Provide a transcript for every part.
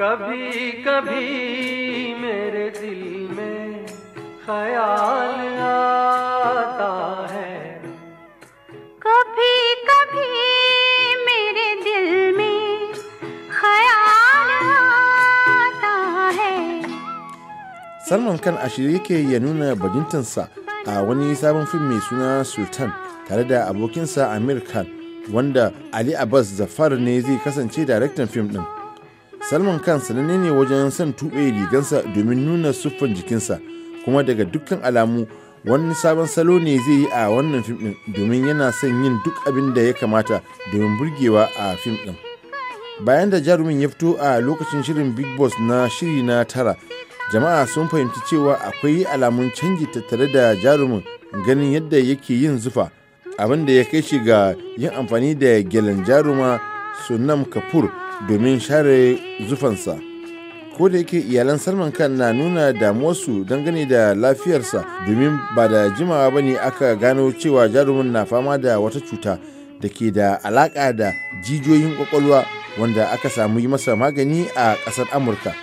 कभी कभी मेरे दिल में ख्याल आता है कभी कभी मेरे दिल में ख्याल आता है Salman खान अशरी के yake ya nuna bajintansa a wani sabon fim mai suna Sultan tare da abokinsa Amir Khan wanda Ali Abbas Zafar ne zai kasance daraktan fim din. salman kan sananne ne wajen son tuɓe rigansa domin nuna siffan jikinsa kuma daga dukkan alamu wani sabon salo ne zai yi a wannan fim ɗin domin yana son yin duk abin da ya kamata domin burgewa a fim ɗin bayan da jarumin ya fito a lokacin shirin big boss na shiri na tara jama'a sun fahimci cewa akwai alamun canji tattare da jarumin ganin yadda yake yin zufa abin da ya kai shi ga yin amfani da gyalen jaruma sunam kapur domin share zufansa ko da yake iyalan salman kan na nuna damuwarsu dangane da lafiyarsa domin ba da jimawa ba ne aka gano cewa jarumin na fama da wata cuta da ke da alaƙa da jijiyoyin kwakwalwa wanda aka samu yi masa magani a ƙasar amurka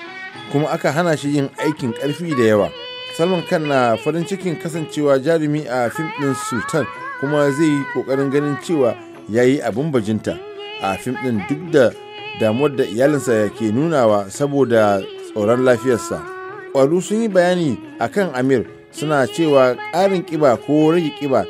kuma aka hana shi yin aikin ƙarfi da yawa salman kan na farin cikin kasancewa jarumi a fim ɗin sultan kuma zai yi ƙoƙarin ganin cewa ya yi abin bajinta a fim ɗin duk da damuwar da iyalinsa ke nunawa saboda tsoron lafiyarsa kwaru sun yi bayani a kan amir suna cewa ƙarin ƙiba ko rage kiba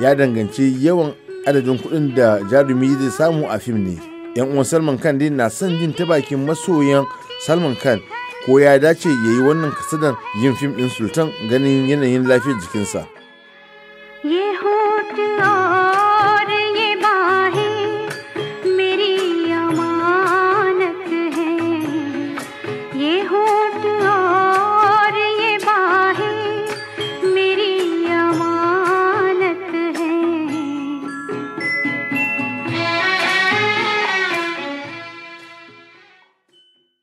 ya danganci yawan adadin kuɗin da jarumi zai samu a fim ne yan uwan salman khan dai na son jin ta bakin masoyan salman khan ko ya dace ya yi wannan kasadar yin fim ɗin sultan ganin yanayin lafiyar jikinsa. Yeho! Oh.